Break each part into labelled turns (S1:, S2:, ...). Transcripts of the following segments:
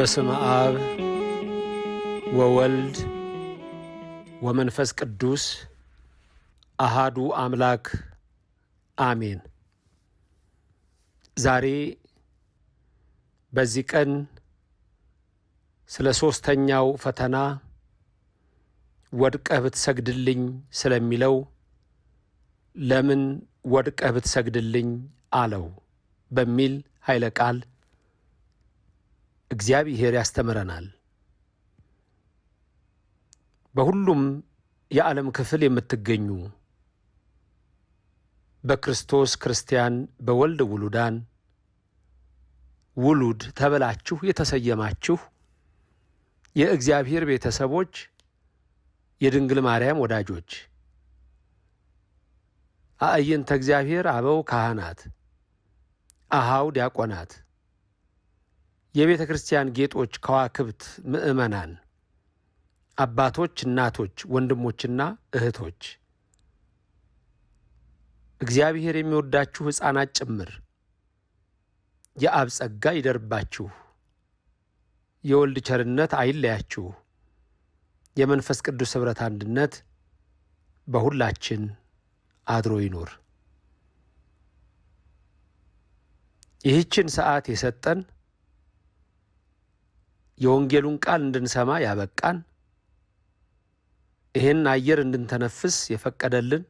S1: በስም አብ ወወልድ ወመንፈስ ቅዱስ አሃዱ አምላክ አሜን። ዛሬ በዚህ ቀን ስለ ሦስተኛው ፈተና ወድቀህ ብትሰግድልኝ ስለሚለው ለምን ወድቀህ ብትሰግድልኝ አለው በሚል ኃይለ ቃል እግዚአብሔር ያስተምረናል። በሁሉም የዓለም ክፍል የምትገኙ በክርስቶስ ክርስቲያን፣ በወልድ ውሉዳን ውሉድ ተብላችሁ የተሰየማችሁ የእግዚአብሔር ቤተሰቦች፣ የድንግል ማርያም ወዳጆች፣ አእይንተ እግዚአብሔር አበው ካህናት፣ አሃው ዲያቆናት የቤተ ክርስቲያን ጌጦች ከዋክብት ምዕመናን፣ አባቶች፣ እናቶች፣ ወንድሞችና እህቶች እግዚአብሔር የሚወዳችሁ ሕፃናት ጭምር የአብ ጸጋ ይደርባችሁ፣ የወልድ ቸርነት አይለያችሁ፣ የመንፈስ ቅዱስ ኅብረት አንድነት በሁላችን አድሮ ይኖር። ይህችን ሰዓት የሰጠን የወንጌሉን ቃል እንድንሰማ ያበቃን ይህን አየር እንድንተነፍስ የፈቀደልን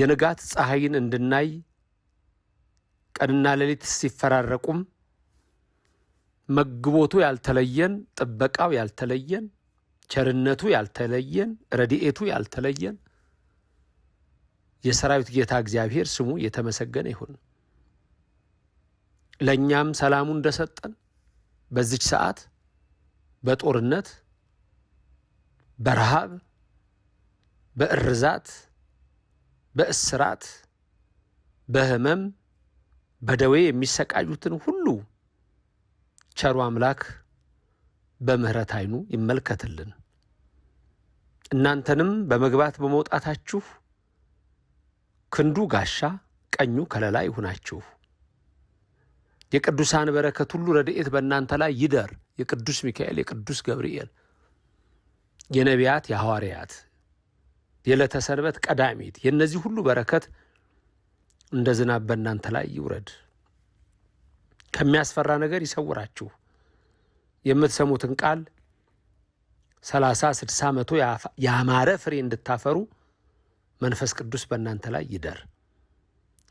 S1: የንጋት ፀሐይን እንድናይ ቀንና ሌሊት ሲፈራረቁም መግቦቱ ያልተለየን፣ ጥበቃው ያልተለየን፣ ቸርነቱ ያልተለየን፣ ረድኤቱ ያልተለየን የሰራዊት ጌታ እግዚአብሔር ስሙ የተመሰገነ ይሁን። ለእኛም ሰላሙ እንደሰጠን በዚች ሰዓት በጦርነት በረሃብ በእርዛት በእስራት በህመም በደዌ የሚሰቃዩትን ሁሉ ቸሩ አምላክ በምሕረት ዓይኑ ይመልከትልን። እናንተንም በመግባት በመውጣታችሁ ክንዱ ጋሻ፣ ቀኙ ከለላ ይሁናችሁ። የቅዱሳን በረከት ሁሉ ረድኤት በእናንተ ላይ ይደር። የቅዱስ ሚካኤል፣ የቅዱስ ገብርኤል፣ የነቢያት፣ የሐዋርያት፣ የዕለተ ሰንበት ቀዳሚት የእነዚህ ሁሉ በረከት እንደ ዝናብ በእናንተ ላይ ይውረድ። ከሚያስፈራ ነገር ይሰውራችሁ። የምትሰሙትን ቃል ሰላሳ ስድሳ መቶ ያማረ ፍሬ እንድታፈሩ መንፈስ ቅዱስ በእናንተ ላይ ይደር።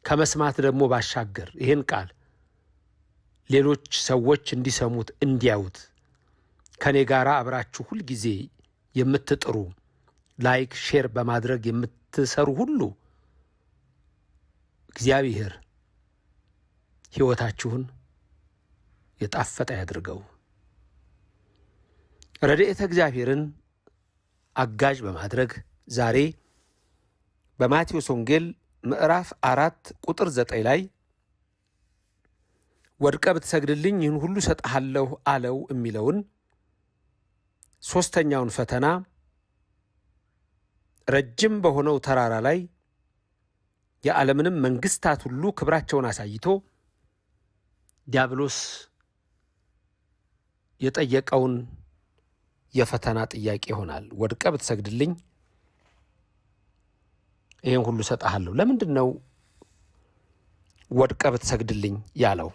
S1: ከመስማት ደግሞ ባሻገር ይህን ቃል ሌሎች ሰዎች እንዲሰሙት እንዲያዩት ከእኔ ጋር አብራችሁ ሁልጊዜ የምትጥሩ ላይክ፣ ሼር በማድረግ የምትሰሩ ሁሉ እግዚአብሔር ሕይወታችሁን የጣፈጠ ያድርገው። ረድኤተ እግዚአብሔርን አጋዥ በማድረግ ዛሬ በማቴዎስ ወንጌል ምዕራፍ አራት ቁጥር ዘጠኝ ላይ ወድቀ ብትሰግድልኝ ይህን ሁሉ ሰጥሃለሁ አለው የሚለውን ሦስተኛውን ፈተና ረጅም በሆነው ተራራ ላይ የዓለምንም መንግስታት ሁሉ ክብራቸውን አሳይቶ ዲያብሎስ የጠየቀውን የፈተና ጥያቄ ይሆናል። ወድቀ ብትሰግድልኝ ይህን ሁሉ ሰጠሃለሁ። ለምንድን ነው ወድቀ ብትሰግድልኝ ያለው?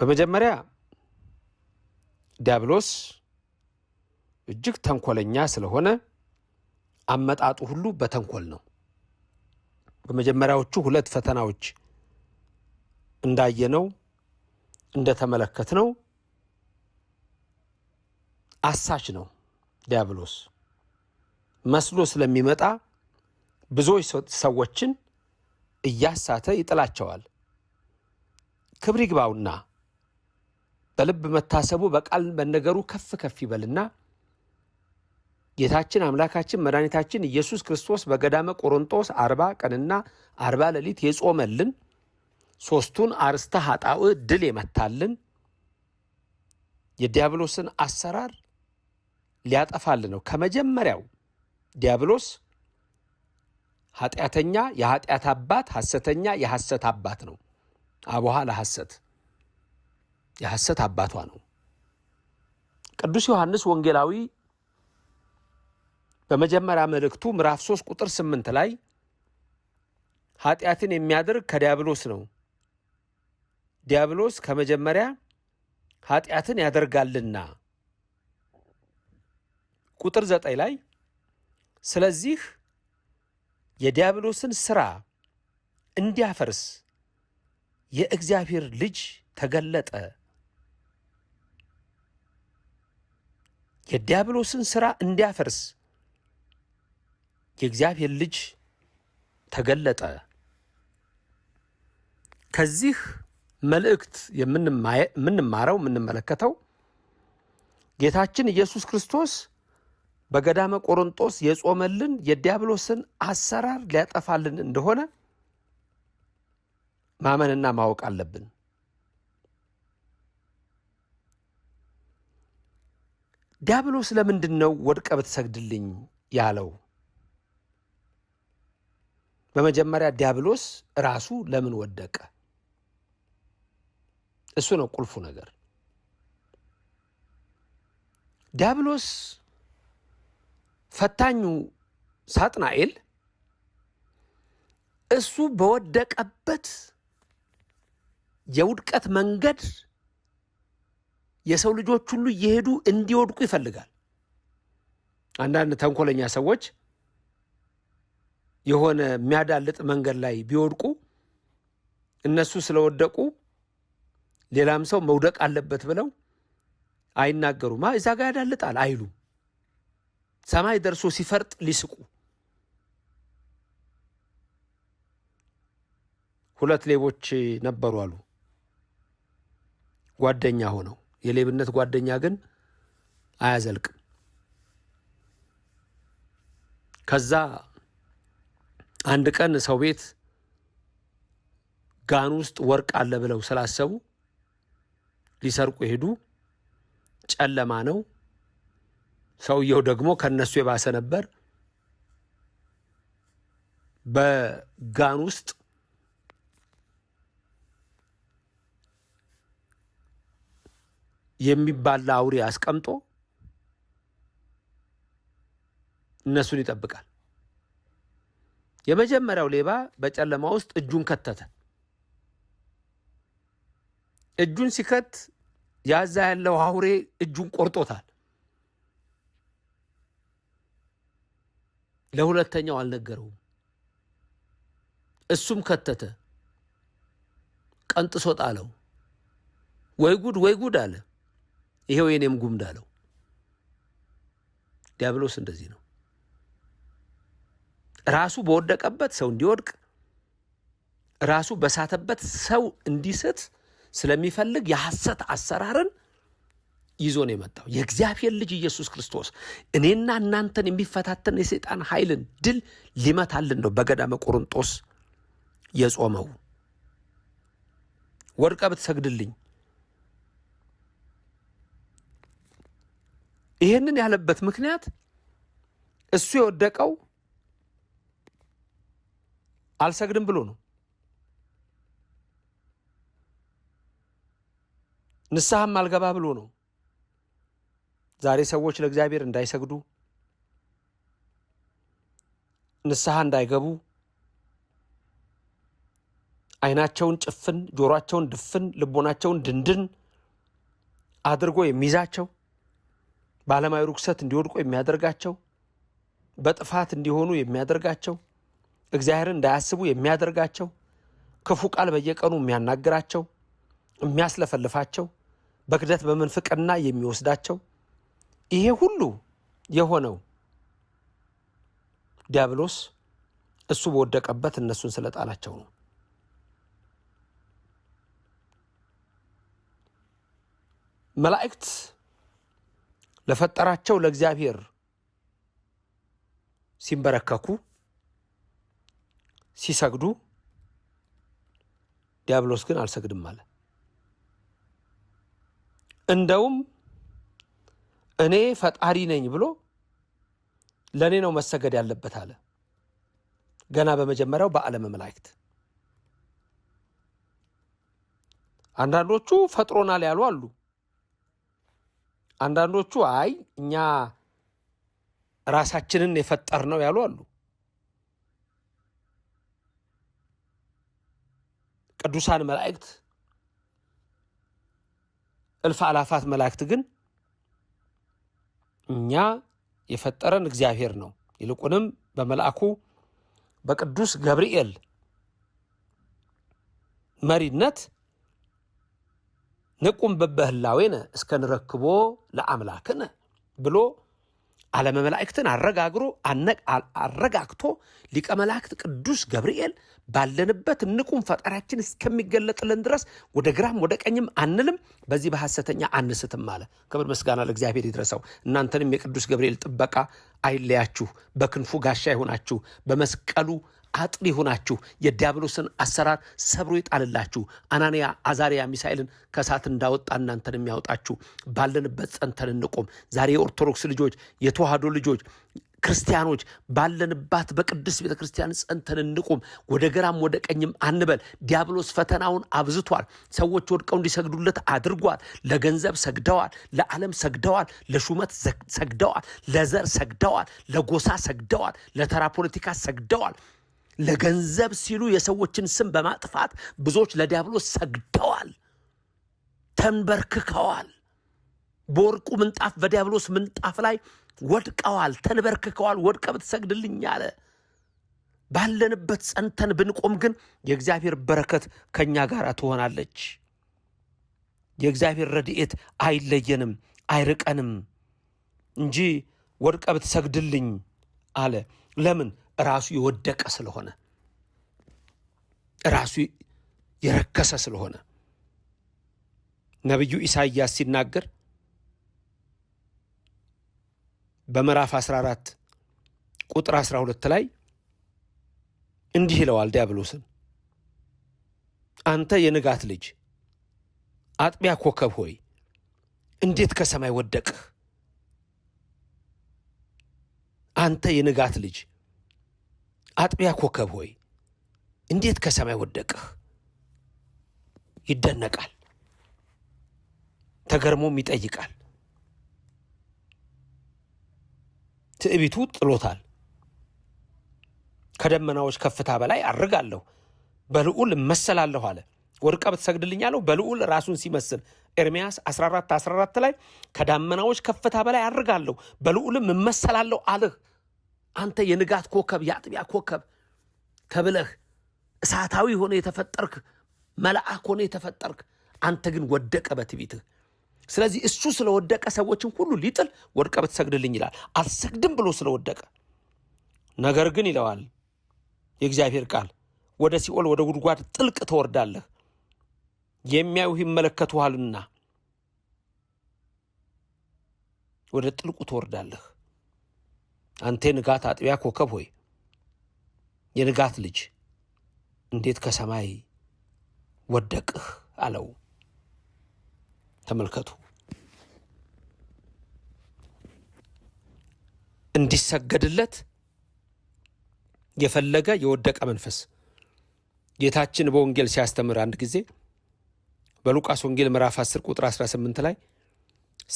S1: በመጀመሪያ ዲያብሎስ እጅግ ተንኮለኛ ስለሆነ አመጣጡ ሁሉ በተንኮል ነው። በመጀመሪያዎቹ ሁለት ፈተናዎች እንዳየነው እንደተመለከትነው አሳች ነው ዲያብሎስ መስሎ ስለሚመጣ ብዙዎች ሰዎችን እያሳተ ይጥላቸዋል። ክብር ይግባውና በልብ መታሰቡ በቃል መነገሩ ከፍ ከፍ ይበልና ጌታችን አምላካችን መድኃኒታችን ኢየሱስ ክርስቶስ በገዳመ ቆሮንጦስ አርባ ቀንና አርባ ሌሊት የጾመልን ሦስቱን አርዕስተ ኃጣውእ ድል የመታልን የዲያብሎስን አሰራር ሊያጠፋልን ነው። ከመጀመሪያው ዲያብሎስ ኃጢአተኛ የኃጢአት አባት ሐሰተኛ የሐሰት አባት ነው። አቡሃ ለሐሰት የሐሰት አባቷ ነው። ቅዱስ ዮሐንስ ወንጌላዊ በመጀመሪያ መልእክቱ ምዕራፍ 3 ቁጥር 8 ላይ ኃጢአትን የሚያደርግ ከዲያብሎስ ነው፣ ዲያብሎስ ከመጀመሪያ ኃጢአትን ያደርጋልና። ቁጥር 9 ላይ ስለዚህ የዲያብሎስን ሥራ እንዲያፈርስ የእግዚአብሔር ልጅ ተገለጠ የዲያብሎስን ስራ እንዲያፈርስ የእግዚአብሔር ልጅ ተገለጠ። ከዚህ መልእክት የምንማረው የምንመለከተው ጌታችን ኢየሱስ ክርስቶስ በገዳመ ቆሮንጦስ የጾመልን የዲያብሎስን አሰራር ሊያጠፋልን እንደሆነ ማመንና ማወቅ አለብን። ዲያብሎስ ለምንድን ነው ወድቀ ብትሰግድልኝ ያለው? በመጀመሪያ ዲያብሎስ ራሱ ለምን ወደቀ? እሱ ነው ቁልፉ ነገር። ዲያብሎስ ፈታኙ ሳጥናኤል እሱ በወደቀበት የውድቀት መንገድ የሰው ልጆች ሁሉ እየሄዱ እንዲወድቁ ይፈልጋል። አንዳንድ ተንኮለኛ ሰዎች የሆነ የሚያዳልጥ መንገድ ላይ ቢወድቁ እነሱ ስለወደቁ ሌላም ሰው መውደቅ አለበት ብለው አይናገሩም። እዛ ጋር ያዳልጣል አይሉ ሰማይ ደርሶ ሲፈርጥ ሊስቁ ሁለት ሌቦች ነበሩ አሉ ጓደኛ ሆነው የሌብነት ጓደኛ ግን አያዘልቅም። ከዛ አንድ ቀን ሰው ቤት ጋን ውስጥ ወርቅ አለ ብለው ስላሰቡ ሊሰርቁ ሄዱ። ጨለማ ነው። ሰውየው ደግሞ ከነሱ የባሰ ነበር። በጋን ውስጥ የሚባል አውሬ አስቀምጦ እነሱን ይጠብቃል። የመጀመሪያው ሌባ በጨለማ ውስጥ እጁን ከተተ። እጁን ሲከት ያዛ ያለው አውሬ እጁን ቆርጦታል። ለሁለተኛው አልነገረውም። እሱም ከተተ፣ ቀንጥሶ ጣለው። ወይ ጉድ ወይ ጉድ አለ። ይሄው የኔም ጉምድ አለው። ዲያብሎስ እንደዚህ ነው። ራሱ በወደቀበት ሰው እንዲወድቅ፣ ራሱ በሳተበት ሰው እንዲስት ስለሚፈልግ የሐሰት አሰራርን ይዞ ነው የመጣው። የእግዚአብሔር ልጅ ኢየሱስ ክርስቶስ እኔና እናንተን የሚፈታተን የሰይጣን ኃይልን ድል ሊመታልን ነው በገዳመ ቆሮንጦስ የጾመው ወድቀ ብትሰግድልኝ ይሄንን ያለበት ምክንያት እሱ የወደቀው አልሰግድም ብሎ ነው። ንስሐም አልገባ ብሎ ነው። ዛሬ ሰዎች ለእግዚአብሔር እንዳይሰግዱ ንስሐ እንዳይገቡ አይናቸውን ጭፍን፣ ጆሯቸውን ድፍን፣ ልቦናቸውን ድንድን አድርጎ የሚይዛቸው በዓለማዊ ርኩሰት እንዲወድቁ የሚያደርጋቸው፣ በጥፋት እንዲሆኑ የሚያደርጋቸው፣ እግዚአብሔርን እንዳያስቡ የሚያደርጋቸው፣ ክፉ ቃል በየቀኑ የሚያናግራቸው፣ የሚያስለፈልፋቸው፣ በክደት በምንፍቅና የሚወስዳቸው ይሄ ሁሉ የሆነው ዲያብሎስ እሱ በወደቀበት እነሱን ስለጣላቸው ነው። መላእክት ለፈጠራቸው ለእግዚአብሔር ሲንበረከኩ ሲሰግዱ፣ ዲያብሎስ ግን አልሰግድም አለ። እንደውም እኔ ፈጣሪ ነኝ ብሎ ለእኔ ነው መሰገድ ያለበት አለ። ገና በመጀመሪያው በዓለመ መላእክት አንዳንዶቹ ፈጥሮናል ያሉ አሉ። አንዳንዶቹ አይ እኛ ራሳችንን የፈጠር ነው ያሉ አሉ። ቅዱሳን መላእክት እልፍ አላፋት መላእክት ግን እኛ የፈጠረን እግዚአብሔር ነው። ይልቁንም በመልአኩ በቅዱስ ገብርኤል መሪነት ንቁም በበህላዌነ እስከንረክቦ ንረክቦ ለአምላክነ ብሎ አለመመላእክትን አረጋግሮ አረጋግቶ ሊቀ መላእክት ቅዱስ ገብርኤል ባለንበት ንቁም ፈጣሪያችን እስከሚገለጥልን ድረስ ወደ ግራም ወደ ቀኝም አንልም፣ በዚህ በሐሰተኛ አንስትም አለ። ክብር ምስጋና ለእግዚአብሔር ይድረሰው። እናንተንም የቅዱስ ገብርኤል ጥበቃ አይለያችሁ፣ በክንፉ ጋሻ ይሆናችሁ፣ በመስቀሉ አጥሪ ሆናችሁ የዲያብሎስን አሰራር ሰብሮ ይጣልላችሁ። አናንያ አዛሪያ ሚሳኤልን ከእሳት እንዳወጣ እናንተን የሚያወጣችሁ ባለንበት ጸንተን እንቆም። ዛሬ የኦርቶዶክስ ልጆች የተዋህዶ ልጆች ክርስቲያኖች ባለንባት በቅድስት ቤተ ክርስቲያን ጸንተን እንቁም። ወደ ግራም ወደ ቀኝም አንበል። ዲያብሎስ ፈተናውን አብዝቷል። ሰዎች ወድቀው እንዲሰግዱለት አድርጓል። ለገንዘብ ሰግደዋል፣ ለዓለም ሰግደዋል፣ ለሹመት ሰግደዋል፣ ለዘር ሰግደዋል፣ ለጎሳ ሰግደዋል፣ ለተራ ፖለቲካ ሰግደዋል። ለገንዘብ ሲሉ የሰዎችን ስም በማጥፋት ብዙዎች ለዲያብሎስ ሰግደዋል፣ ተንበርክከዋል። በወርቁ ምንጣፍ በዲያብሎስ ምንጣፍ ላይ ወድቀዋል፣ ተንበርክከዋል። ወድቀ ብትሰግድልኝ አለ። ባለንበት ጸንተን ብንቆም ግን የእግዚአብሔር በረከት ከእኛ ጋር ትሆናለች። የእግዚአብሔር ረድኤት አይለየንም፣ አይርቀንም እንጂ ወድቀ ብትሰግድልኝ አለ። ለምን ራሱ የወደቀ ስለሆነ ራሱ የረከሰ ስለሆነ ነቢዩ ኢሳይያስ ሲናገር በምዕራፍ 14 ቁጥር 12 ላይ እንዲህ ይለዋል ዲያብሎስን አንተ የንጋት ልጅ አጥቢያ ኮከብ ሆይ እንዴት ከሰማይ ወደቅህ? አንተ የንጋት ልጅ አጥቢያ ኮከብ ሆይ እንዴት ከሰማይ ወደቅህ? ይደነቃል፣ ተገርሞም ይጠይቃል። ትዕቢቱ ጥሎታል። ከደመናዎች ከፍታ በላይ አድርጋለሁ፣ በልዑል እመሰላለሁ አለ። ወድቀህ ብትሰግድልኛለሁ፣ በልዑል ራሱን ሲመስል ኤርምያስ 14 14 ላይ ከዳመናዎች ከፍታ በላይ አድርጋለሁ፣ በልዑልም እመሰላለሁ አልህ። አንተ የንጋት ኮከብ የአጥቢያ ኮከብ ተብለህ እሳታዊ ሆነ የተፈጠርክ መልአክ ሆነ የተፈጠርክ፣ አንተ ግን ወደቀ በትቢትህ። ስለዚህ እሱ ስለወደቀ ሰዎችን ሁሉ ሊጥል ወድቀ ብትሰግድልኝ ይላል። አልሰግድም ብሎ ስለወደቀ ነገር ግን ይለዋል የእግዚአብሔር ቃል ወደ ሲኦል ወደ ጉድጓድ ጥልቅ ትወርዳለህ፣ የሚያዩህ ይመለከቱሃልና ወደ ጥልቁ ትወርዳለህ። አንተ ንጋት አጥቢያ ኮከብ ሆይ የንጋት ልጅ እንዴት ከሰማይ ወደቅህ አለው። ተመልከቱ እንዲሰገድለት የፈለገ የወደቀ መንፈስ ጌታችን በወንጌል ሲያስተምር አንድ ጊዜ በሉቃስ ወንጌል ምዕራፍ 10 ቁጥር 18 ላይ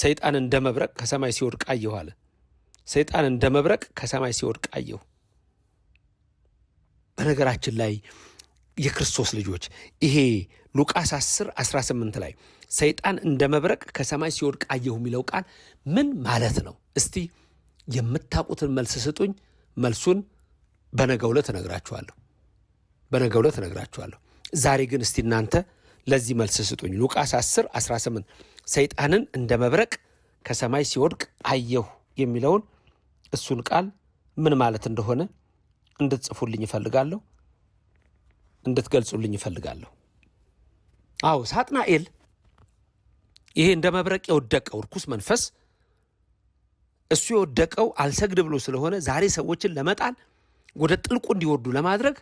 S1: ሰይጣን እንደ መብረቅ ከሰማይ ሲወድቅ አየሁ አለ። ሰይጣን እንደ መብረቅ ከሰማይ ሲወድቅ አየሁ። በነገራችን ላይ የክርስቶስ ልጆች ይሄ ሉቃስ 10 18 ላይ ሰይጣን እንደ መብረቅ ከሰማይ ሲወድቅ አየሁ የሚለው ቃል ምን ማለት ነው? እስቲ የምታውቁትን መልስ ስጡኝ። መልሱን በነገ ዕለት እነግራችኋለሁ። በነገ ዕለት እነግራችኋለሁ። ዛሬ ግን እስቲ እናንተ ለዚህ መልስ ስጡኝ። ሉቃስ 10 18 ሰይጣንን እንደ መብረቅ ከሰማይ ሲወድቅ አየሁ የሚለውን እሱን ቃል ምን ማለት እንደሆነ እንድትጽፉልኝ እፈልጋለሁ፣ እንድትገልጹልኝ ይፈልጋለሁ። አዎ ሳጥናኤል ይሄ እንደ መብረቅ የወደቀው ርኩስ መንፈስ እሱ የወደቀው አልሰግድ ብሎ ስለሆነ ዛሬ ሰዎችን ለመጣል ወደ ጥልቁ እንዲወርዱ ለማድረግ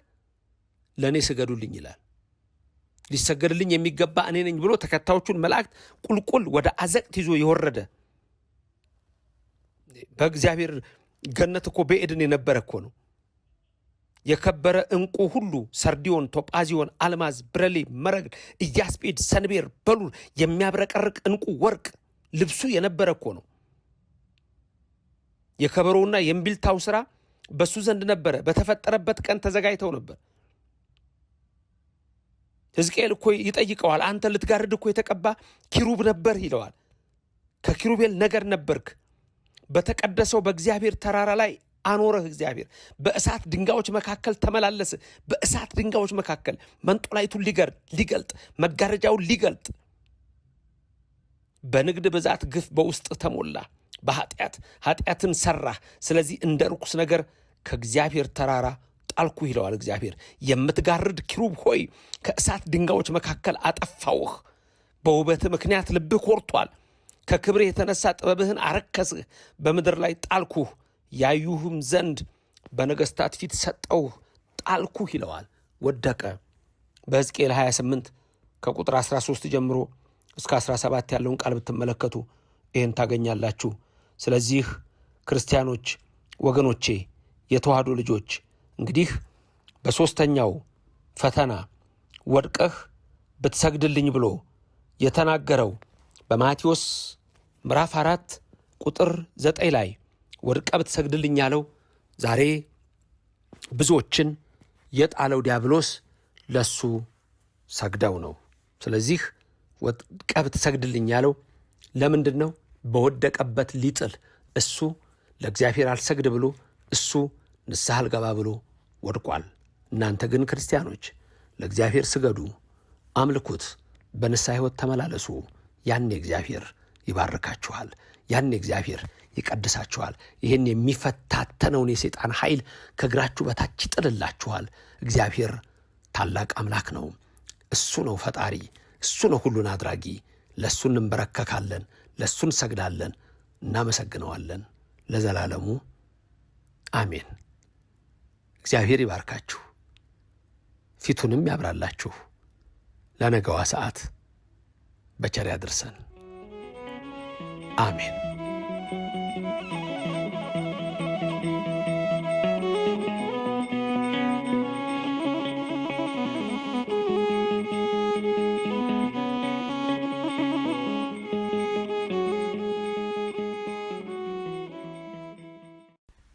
S1: ለእኔ ስገዱልኝ ይላል። ሊሰገድልኝ የሚገባ እኔ ነኝ ብሎ ተከታዮቹን መላእክት ቁልቁል ወደ አዘቅት ይዞ የወረደ በእግዚአብሔር ገነት እኮ በኤድን የነበረ እኮ ነው። የከበረ እንቁ ሁሉ ሰርዲዮን፣ ቶጳዚዮን፣ አልማዝ፣ ብረሌ፣ መረግድ፣ እያስጴድ ሰንቤር፣ በሉር የሚያብረቀርቅ እንቁ ወርቅ ልብሱ የነበረ እኮ ነው። የከበሮውና የእምቢልታው ስራ በሱ ዘንድ ነበረ። በተፈጠረበት ቀን ተዘጋጅተው ነበር። ሕዝቅኤል እኮ ይጠይቀዋል። አንተ ልትጋርድ እኮ የተቀባ ኪሩብ ነበር ይለዋል። ከኪሩቤል ነገር ነበርክ በተቀደሰው በእግዚአብሔር ተራራ ላይ አኖረህ እግዚአብሔር። በእሳት ድንጋዮች መካከል ተመላለስህ። በእሳት ድንጋዮች መካከል መንጦላይቱን ሊገልጥ መጋረጃውን ሊገልጥ በንግድ ብዛት ግፍ በውስጥ ተሞላ። በኃጢአት ኃጢአትን ሰራህ። ስለዚህ እንደ ርኩስ ነገር ከእግዚአብሔር ተራራ ጣልኩ ይለዋል እግዚአብሔር። የምትጋርድ ኪሩብ ሆይ ከእሳት ድንጋዮች መካከል አጠፋውህ። በውበት ምክንያት ልብህ ኮርቷል። ከክብርህ የተነሳ ጥበብህን አረከስህ፣ በምድር ላይ ጣልኩህ፣ ያዩህም ዘንድ በነገስታት ፊት ሰጠውህ፣ ጣልኩህ ይለዋል። ወደቀ። በሕዝቅኤል 28 ከቁጥር 13 ጀምሮ እስከ 17 ያለውን ቃል ብትመለከቱ ይህን ታገኛላችሁ። ስለዚህ ክርስቲያኖች ወገኖቼ፣ የተዋህዶ ልጆች እንግዲህ በሦስተኛው ፈተና ወድቀህ ብትሰግድልኝ ብሎ የተናገረው በማቴዎስ ምዕራፍ አራት ቁጥር ዘጠኝ ላይ ወድቀ ብትሰግድልኝ ያለው ዛሬ ብዙዎችን የጣለው ዲያብሎስ ለሱ ሰግደው ነው። ስለዚህ ወድቀ ብትሰግድልኝ ያለው ለምንድን ነው? በወደቀበት ሊጥል እሱ ለእግዚአብሔር አልሰግድ ብሎ እሱ ንስሐ አልገባ ብሎ ወድቋል። እናንተ ግን ክርስቲያኖች ለእግዚአብሔር ስገዱ፣ አምልኩት፣ በንስሐ ሕይወት ተመላለሱ። ያኔ እግዚአብሔር ይባርካችኋል፣ ያኔ እግዚአብሔር ይቀድሳችኋል። ይህን የሚፈታተነውን የሰይጣን ኃይል ከእግራችሁ በታች ይጥልላችኋል። እግዚአብሔር ታላቅ አምላክ ነው። እሱ ነው ፈጣሪ፣ እሱ ነው ሁሉን አድራጊ። ለእሱ እንበረከካለን፣ ለእሱ እንሰግዳለን፣ እናመሰግነዋለን ለዘላለሙ አሜን። እግዚአብሔር ይባርካችሁ፣ ፊቱንም ያብራላችሁ ለነገዋ ሰዓት በቸር ያድርሰን። አሜን።